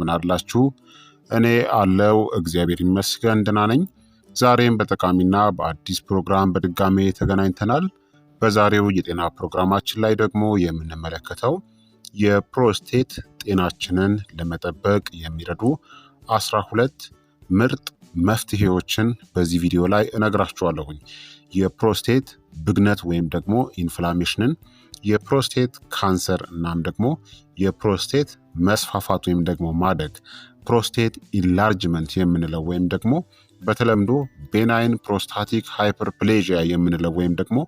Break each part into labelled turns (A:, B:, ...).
A: ምን አላችሁ? እኔ አለው እግዚአብሔር ይመስገን ደህና ነኝ። ዛሬም በጠቃሚና በአዲስ ፕሮግራም በድጋሜ ተገናኝተናል። በዛሬው የጤና ፕሮግራማችን ላይ ደግሞ የምንመለከተው የፕሮስቴት ጤናችንን ለመጠበቅ የሚረዱ አስራ ሁለት ምርጥ መፍትሄዎችን በዚህ ቪዲዮ ላይ እነግራችኋለሁኝ። የፕሮስቴት ብግነት ወይም ደግሞ ኢንፍላሜሽንን የፕሮስቴት ካንሰር እናም ደግሞ የፕሮስቴት መስፋፋት ወይም ደግሞ ማደግ ፕሮስቴት ኢንላርጅመንት የምንለው ወይም ደግሞ በተለምዶ ቤናይን ፕሮስታቲክ ሃይፐርፕሌዥያ የምንለው ወይም ደግሞ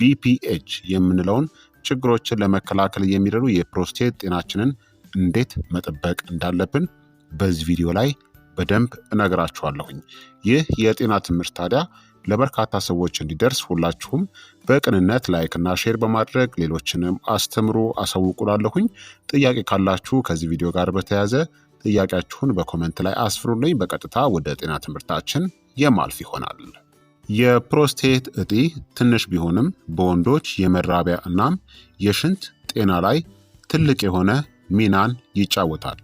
A: ቢፒኤች የምንለውን ችግሮችን ለመከላከል የሚረዱ የፕሮስቴት ጤናችንን እንዴት መጠበቅ እንዳለብን በዚህ ቪዲዮ ላይ በደንብ እነግራችኋለሁኝ። ይህ የጤና ትምህርት ታዲያ ለበርካታ ሰዎች እንዲደርስ ሁላችሁም በቅንነት ላይክና ሼር በማድረግ ሌሎችንም አስተምሩ፣ አሳውቁላለሁኝ። ጥያቄ ካላችሁ ከዚህ ቪዲዮ ጋር በተያያዘ ጥያቄያችሁን በኮመንት ላይ አስፍሩልኝ። በቀጥታ ወደ ጤና ትምህርታችን የማልፍ ይሆናል። የፕሮስቴት እጢ ትንሽ ቢሆንም በወንዶች የመራቢያ እናም የሽንት ጤና ላይ ትልቅ የሆነ ሚናን ይጫወታል።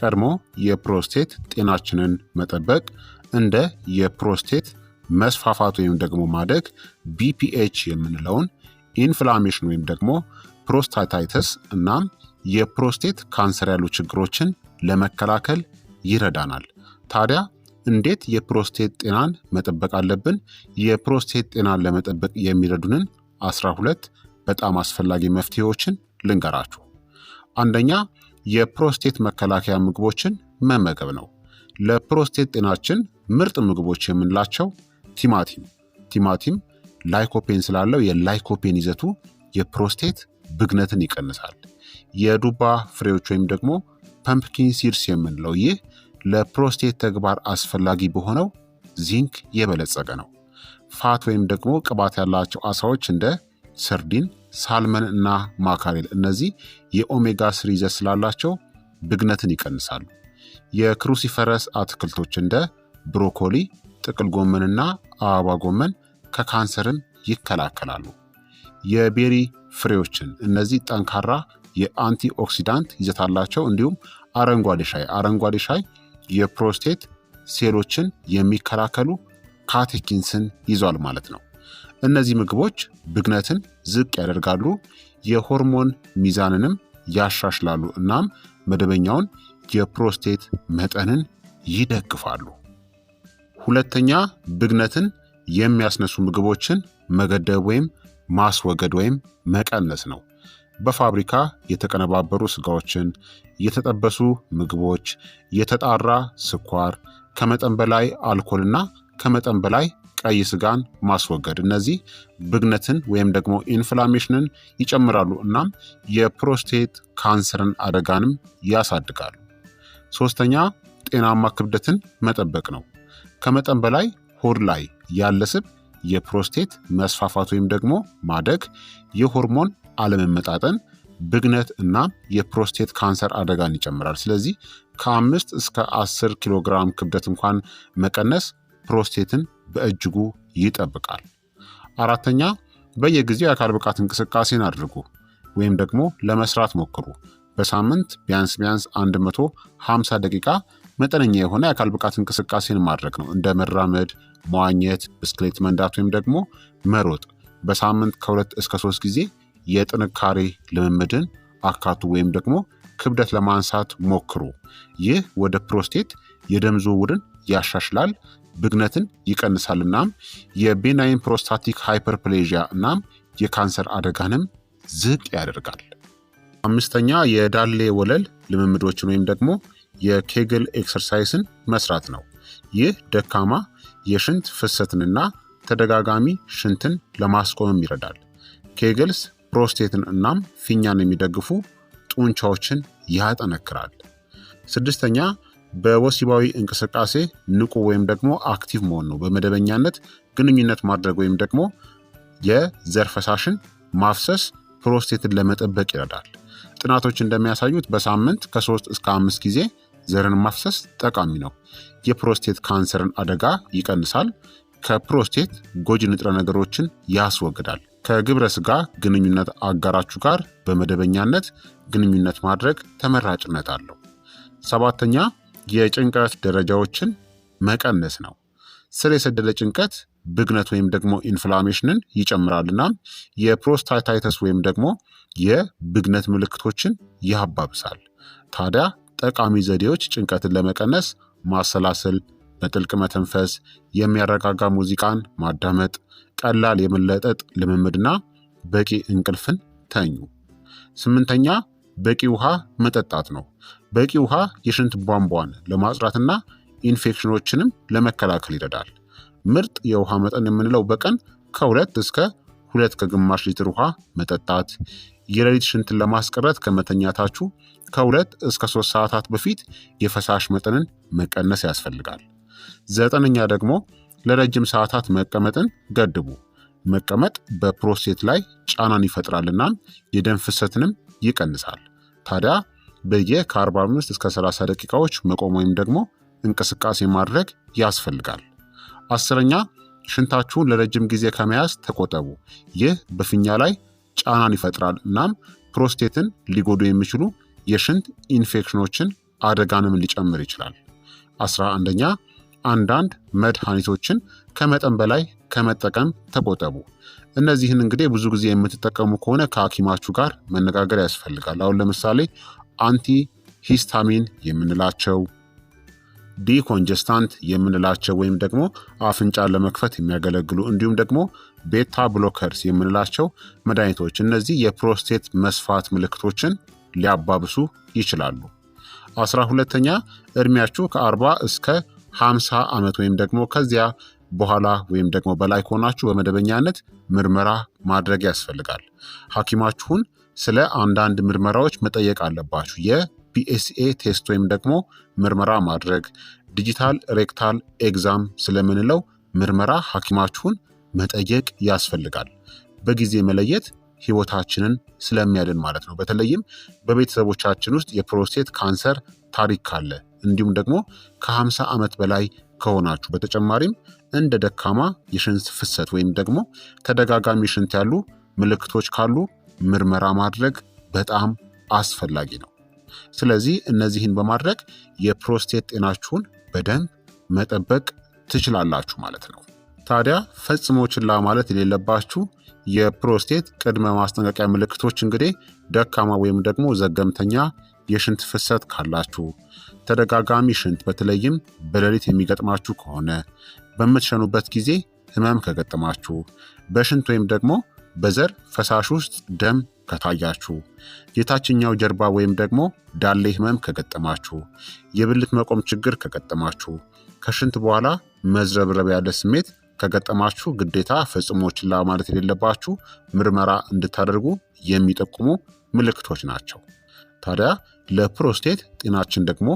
A: ቀድሞ የፕሮስቴት ጤናችንን መጠበቅ እንደ የፕሮስቴት መስፋፋት ወይም ደግሞ ማደግ ቢፒኤች የምንለውን ኢንፍላሜሽን ወይም ደግሞ ፕሮስታታይተስ እናም የፕሮስቴት ካንሰር ያሉ ችግሮችን ለመከላከል ይረዳናል። ታዲያ እንዴት የፕሮስቴት ጤናን መጠበቅ አለብን? የፕሮስቴት ጤናን ለመጠበቅ የሚረዱንን 12 በጣም አስፈላጊ መፍትሄዎችን ልንገራችሁ። አንደኛ የፕሮስቴት መከላከያ ምግቦችን መመገብ ነው። ለፕሮስቴት ጤናችን ምርጥ ምግቦች የምንላቸው ቲማቲም ቲማቲም ላይኮፔን ስላለው የላይኮፔን ይዘቱ የፕሮስቴት ብግነትን ይቀንሳል። የዱባ ፍሬዎች ወይም ደግሞ ፐምፕኪን ሲድስ የምንለው ይህ ለፕሮስቴት ተግባር አስፈላጊ በሆነው ዚንክ የበለጸገ ነው። ፋት ወይም ደግሞ ቅባት ያላቸው አሳዎች እንደ ሰርዲን፣ ሳልመን እና ማካሬል እነዚህ የኦሜጋ ስሪ ይዘት ስላላቸው ብግነትን ይቀንሳሉ። የክሩሲፈረስ አትክልቶች እንደ ብሮኮሊ፣ ጥቅል ጎመንና አበባ ጎመን ከካንሰርም ይከላከላሉ። የቤሪ ፍሬዎችን እነዚህ ጠንካራ የአንቲ ኦክሲዳንት ይዘት አላቸው። እንዲሁም አረንጓዴ ሻይ አረንጓዴ ሻይ የፕሮስቴት ሴሎችን የሚከላከሉ ካቴኪንስን ይዟል ማለት ነው። እነዚህ ምግቦች ብግነትን ዝቅ ያደርጋሉ፣ የሆርሞን ሚዛንንም ያሻሽላሉ፣ እናም መደበኛውን የፕሮስቴት መጠንን ይደግፋሉ። ሁለተኛ ብግነትን የሚያስነሱ ምግቦችን መገደብ ወይም ማስወገድ ወይም መቀነስ ነው። በፋብሪካ የተቀነባበሩ ስጋዎችን፣ የተጠበሱ ምግቦች፣ የተጣራ ስኳር፣ ከመጠን በላይ አልኮልና ከመጠን በላይ ቀይ ስጋን ማስወገድ። እነዚህ ብግነትን ወይም ደግሞ ኢንፍላሜሽንን ይጨምራሉ እናም የፕሮስቴት ካንሰርን አደጋንም ያሳድጋሉ። ሶስተኛ ጤናማ ክብደትን መጠበቅ ነው። ከመጠን በላይ ሆድ ላይ ያለ ስብ የፕሮስቴት መስፋፋት ወይም ደግሞ ማደግ፣ የሆርሞን አለመመጣጠን፣ ብግነት እና የፕሮስቴት ካንሰር አደጋን ይጨምራል። ስለዚህ ከአምስት እስከ አስር ኪሎ ግራም ክብደት እንኳን መቀነስ ፕሮስቴትን በእጅጉ ይጠብቃል። አራተኛ በየጊዜው የአካል ብቃት እንቅስቃሴን አድርጉ ወይም ደግሞ ለመስራት ሞክሩ። በሳምንት ቢያንስ ቢያንስ 150 ደቂቃ መጠነኛ የሆነ የአካል ብቃት እንቅስቃሴን ማድረግ ነው። እንደ መራመድ፣ መዋኘት፣ ብስክሌት መንዳት ወይም ደግሞ መሮጥ በሳምንት ከሁለት እስከ ሶስት ጊዜ የጥንካሬ ልምምድን አካቱ ወይም ደግሞ ክብደት ለማንሳት ሞክሩ። ይህ ወደ ፕሮስቴት የደም ዝውውርን ያሻሽላል፣ ብግነትን ይቀንሳል፣ እናም የቤናይን ፕሮስታቲክ ሃይፐርፕሌዥያ እናም የካንሰር አደጋንም ዝቅ ያደርጋል። አምስተኛ የዳሌ ወለል ልምምዶችን ወይም ደግሞ የኬግል ኤክሰርሳይስን መስራት ነው። ይህ ደካማ የሽንት ፍሰትንና ተደጋጋሚ ሽንትን ለማስቆምም ይረዳል። ኬግልስ ፕሮስቴትን እናም ፊኛን የሚደግፉ ጡንቻዎችን ያጠነክራል። ስድስተኛ በወሲባዊ እንቅስቃሴ ንቁ ወይም ደግሞ አክቲቭ መሆን ነው። በመደበኛነት ግንኙነት ማድረግ ወይም ደግሞ የዘር ፈሳሽን ማፍሰስ ፕሮስቴትን ለመጠበቅ ይረዳል። ጥናቶች እንደሚያሳዩት በሳምንት ከሶስት እስከ አምስት ጊዜ ዘርን ማፍሰስ ጠቃሚ ነው። የፕሮስቴት ካንሰርን አደጋ ይቀንሳል። ከፕሮስቴት ጎጂ ንጥረ ነገሮችን ያስወግዳል። ከግብረ ስጋ ግንኙነት አጋራችሁ ጋር በመደበኛነት ግንኙነት ማድረግ ተመራጭነት አለው። ሰባተኛ የጭንቀት ደረጃዎችን መቀነስ ነው። ስር የሰደደ ጭንቀት ብግነት ወይም ደግሞ ኢንፍላሜሽንን ይጨምራል እናም የፕሮስታታይተስ ወይም ደግሞ የብግነት ምልክቶችን ያባብሳል። ታዲያ ጠቃሚ ዘዴዎች ጭንቀትን ለመቀነስ ማሰላሰል፣ በጥልቅ መተንፈስ፣ የሚያረጋጋ ሙዚቃን ማዳመጥ፣ ቀላል የመለጠጥ ልምምድና በቂ እንቅልፍን ተኙ። ስምንተኛ በቂ ውሃ መጠጣት ነው። በቂ ውሃ የሽንት ቧንቧን ለማጽዳትና ኢንፌክሽኖችንም ለመከላከል ይረዳል። ምርጥ የውሃ መጠን የምንለው በቀን ከሁለት እስከ ሁለት ከግማሽ ሊትር ውሃ መጠጣት የሌሊት ሽንትን ለማስቀረት ከመተኛታችሁ ከሁለት እስከ ሶስት ሰዓታት በፊት የፈሳሽ መጠንን መቀነስ ያስፈልጋል። ዘጠነኛ ደግሞ ለረጅም ሰዓታት መቀመጥን ገድቡ። መቀመጥ በፕሮስቴት ላይ ጫናን ይፈጥራል የደም ፍሰትንም ይቀንሳል። ታዲያ በየ ከ45 እስከ 30 ደቂቃዎች መቆም ወይም ደግሞ እንቅስቃሴ ማድረግ ያስፈልጋል። አስረኛ ሽንታችሁን ለረጅም ጊዜ ከመያዝ ተቆጠቡ። ይህ በፊኛ ላይ ጫናን ይፈጥራል። እናም ፕሮስቴትን ሊጎዱ የሚችሉ የሽንት ኢንፌክሽኖችን አደጋንም ሊጨምር ይችላል። አስራ አንደኛ አንዳንድ መድኃኒቶችን ከመጠን በላይ ከመጠቀም ተቆጠቡ። እነዚህን እንግዲህ ብዙ ጊዜ የምትጠቀሙ ከሆነ ከሐኪማችሁ ጋር መነጋገር ያስፈልጋል። አሁን ለምሳሌ አንቲ ሂስታሚን የምንላቸው ዲኮንጀስታንት የምንላቸው ወይም ደግሞ አፍንጫን ለመክፈት የሚያገለግሉ እንዲሁም ደግሞ ቤታ ብሎከርስ የምንላቸው መድኃኒቶች እነዚህ የፕሮስቴት መስፋት ምልክቶችን ሊያባብሱ ይችላሉ። አስራ ሁለተኛ እድሜያችሁ ከአርባ እስከ 50 ዓመት ወይም ደግሞ ከዚያ በኋላ ወይም ደግሞ በላይ ከሆናችሁ በመደበኛነት ምርመራ ማድረግ ያስፈልጋል። ሐኪማችሁን ስለ አንዳንድ ምርመራዎች መጠየቅ አለባችሁ። የፒኤስኤ ቴስት ወይም ደግሞ ምርመራ ማድረግ ዲጂታል ሬክታል ኤግዛም ስለምንለው ምርመራ ሐኪማችሁን መጠየቅ ያስፈልጋል። በጊዜ መለየት ህይወታችንን ስለሚያድን ማለት ነው። በተለይም በቤተሰቦቻችን ውስጥ የፕሮስቴት ካንሰር ታሪክ ካለ እንዲሁም ደግሞ ከ50 ዓመት በላይ ከሆናችሁ በተጨማሪም እንደ ደካማ የሽንት ፍሰት ወይም ደግሞ ተደጋጋሚ ሽንት ያሉ ምልክቶች ካሉ ምርመራ ማድረግ በጣም አስፈላጊ ነው። ስለዚህ እነዚህን በማድረግ የፕሮስቴት ጤናችሁን በደንብ መጠበቅ ትችላላችሁ ማለት ነው። ታዲያ ፈጽሞ ችላ ማለት የሌለባችሁ የፕሮስቴት ቅድመ ማስጠንቀቂያ ምልክቶች እንግዲህ ደካማ ወይም ደግሞ ዘገምተኛ የሽንት ፍሰት ካላችሁ፣ ተደጋጋሚ ሽንት በተለይም በሌሊት የሚገጥማችሁ ከሆነ፣ በምትሸኑበት ጊዜ ህመም ከገጠማችሁ፣ በሽንት ወይም ደግሞ በዘር ፈሳሽ ውስጥ ደም ከታያችሁ፣ የታችኛው ጀርባ ወይም ደግሞ ዳሌ ህመም ከገጠማችሁ፣ የብልት መቆም ችግር ከገጠማችሁ፣ ከሽንት በኋላ መዝረብረብ ያለ ስሜት ከገጠማችሁ ግዴታ ፈጽሞ ችላ ማለት የሌለባችሁ ምርመራ እንድታደርጉ የሚጠቁሙ ምልክቶች ናቸው። ታዲያ ለፕሮስቴት ጤናችን ደግሞ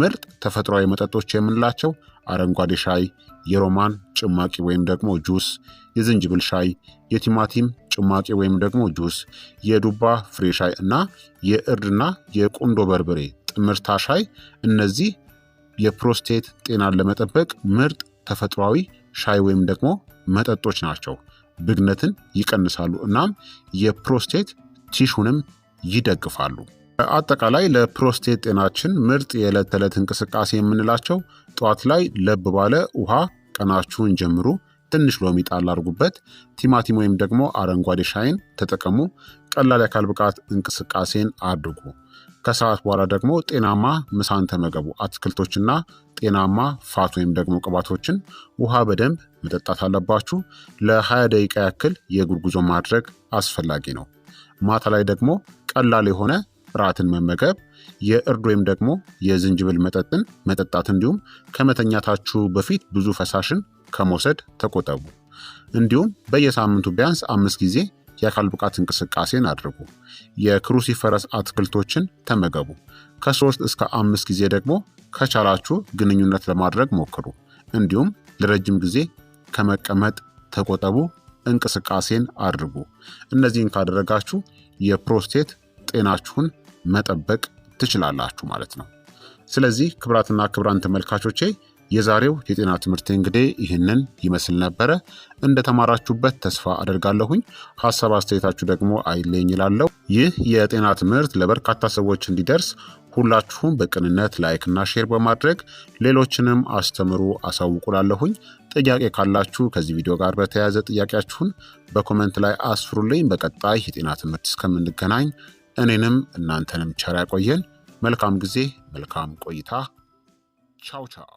A: ምርጥ ተፈጥሯዊ መጠጦች የምንላቸው አረንጓዴ ሻይ፣ የሮማን ጭማቂ ወይም ደግሞ ጁስ፣ የዝንጅብል ሻይ፣ የቲማቲም ጭማቂ ወይም ደግሞ ጁስ፣ የዱባ ፍሬ ሻይ እና የእርድና የቁንዶ በርበሬ ጥምርታ ሻይ እነዚህ የፕሮስቴት ጤናን ለመጠበቅ ምርጥ ተፈጥሯዊ ሻይ ወይም ደግሞ መጠጦች ናቸው። ብግነትን ይቀንሳሉ፣ እናም የፕሮስቴት ቲሹንም ይደግፋሉ። አጠቃላይ ለፕሮስቴት ጤናችን ምርጥ የዕለት ተዕለት እንቅስቃሴ የምንላቸው ጠዋት ላይ ለብ ባለ ውሃ ቀናችሁን ጀምሩ። ትንሽ ሎሚ ጣል አድርጉበት። ቲማቲም ወይም ደግሞ አረንጓዴ ሻይን ተጠቀሙ። ቀላል የአካል ብቃት እንቅስቃሴን አድርጉ። ከሰዓት በኋላ ደግሞ ጤናማ ምሳን ተመገቡ። አትክልቶችና ጤናማ ፋት ወይም ደግሞ ቅባቶችን፣ ውሃ በደንብ መጠጣት አለባችሁ። ለ20 ደቂቃ ያክል የእግር ጉዞ ማድረግ አስፈላጊ ነው። ማታ ላይ ደግሞ ቀላል የሆነ ራትን መመገብ የእርድ ወይም ደግሞ የዝንጅብል መጠጥን መጠጣት እንዲሁም ከመተኛታችሁ በፊት ብዙ ፈሳሽን ከመውሰድ ተቆጠቡ። እንዲሁም በየሳምንቱ ቢያንስ አምስት ጊዜ የአካል ብቃት እንቅስቃሴን አድርጉ። የክሩሲፈረስ አትክልቶችን ተመገቡ። ከሶስት እስከ አምስት ጊዜ ደግሞ ከቻላችሁ ግንኙነት ለማድረግ ሞክሩ። እንዲሁም ለረጅም ጊዜ ከመቀመጥ ተቆጠቡ፣ እንቅስቃሴን አድርጉ። እነዚህን ካደረጋችሁ የፕሮስቴት ጤናችሁን መጠበቅ ትችላላችሁ ማለት ነው። ስለዚህ ክብራትና ክብራን ተመልካቾቼ የዛሬው የጤና ትምህርት እንግዲህ ይህንን ይመስል ነበረ። እንደተማራችሁበት ተስፋ አደርጋለሁኝ። ሀሳብ አስተያየታችሁ ደግሞ አይለኝ ይላለው። ይህ የጤና ትምህርት ለበርካታ ሰዎች እንዲደርስ ሁላችሁም በቅንነት ላይክና ሼር በማድረግ ሌሎችንም አስተምሩ አሳውቁላለሁኝ። ጥያቄ ካላችሁ ከዚህ ቪዲዮ ጋር በተያያዘ ጥያቄያችሁን በኮመንት ላይ አስፍሩልኝ። በቀጣይ የጤና ትምህርት እስከምንገናኝ እኔንም እናንተንም ቸር ያቆየን። መልካም ጊዜ፣ መልካም ቆይታ። ቻው ቻው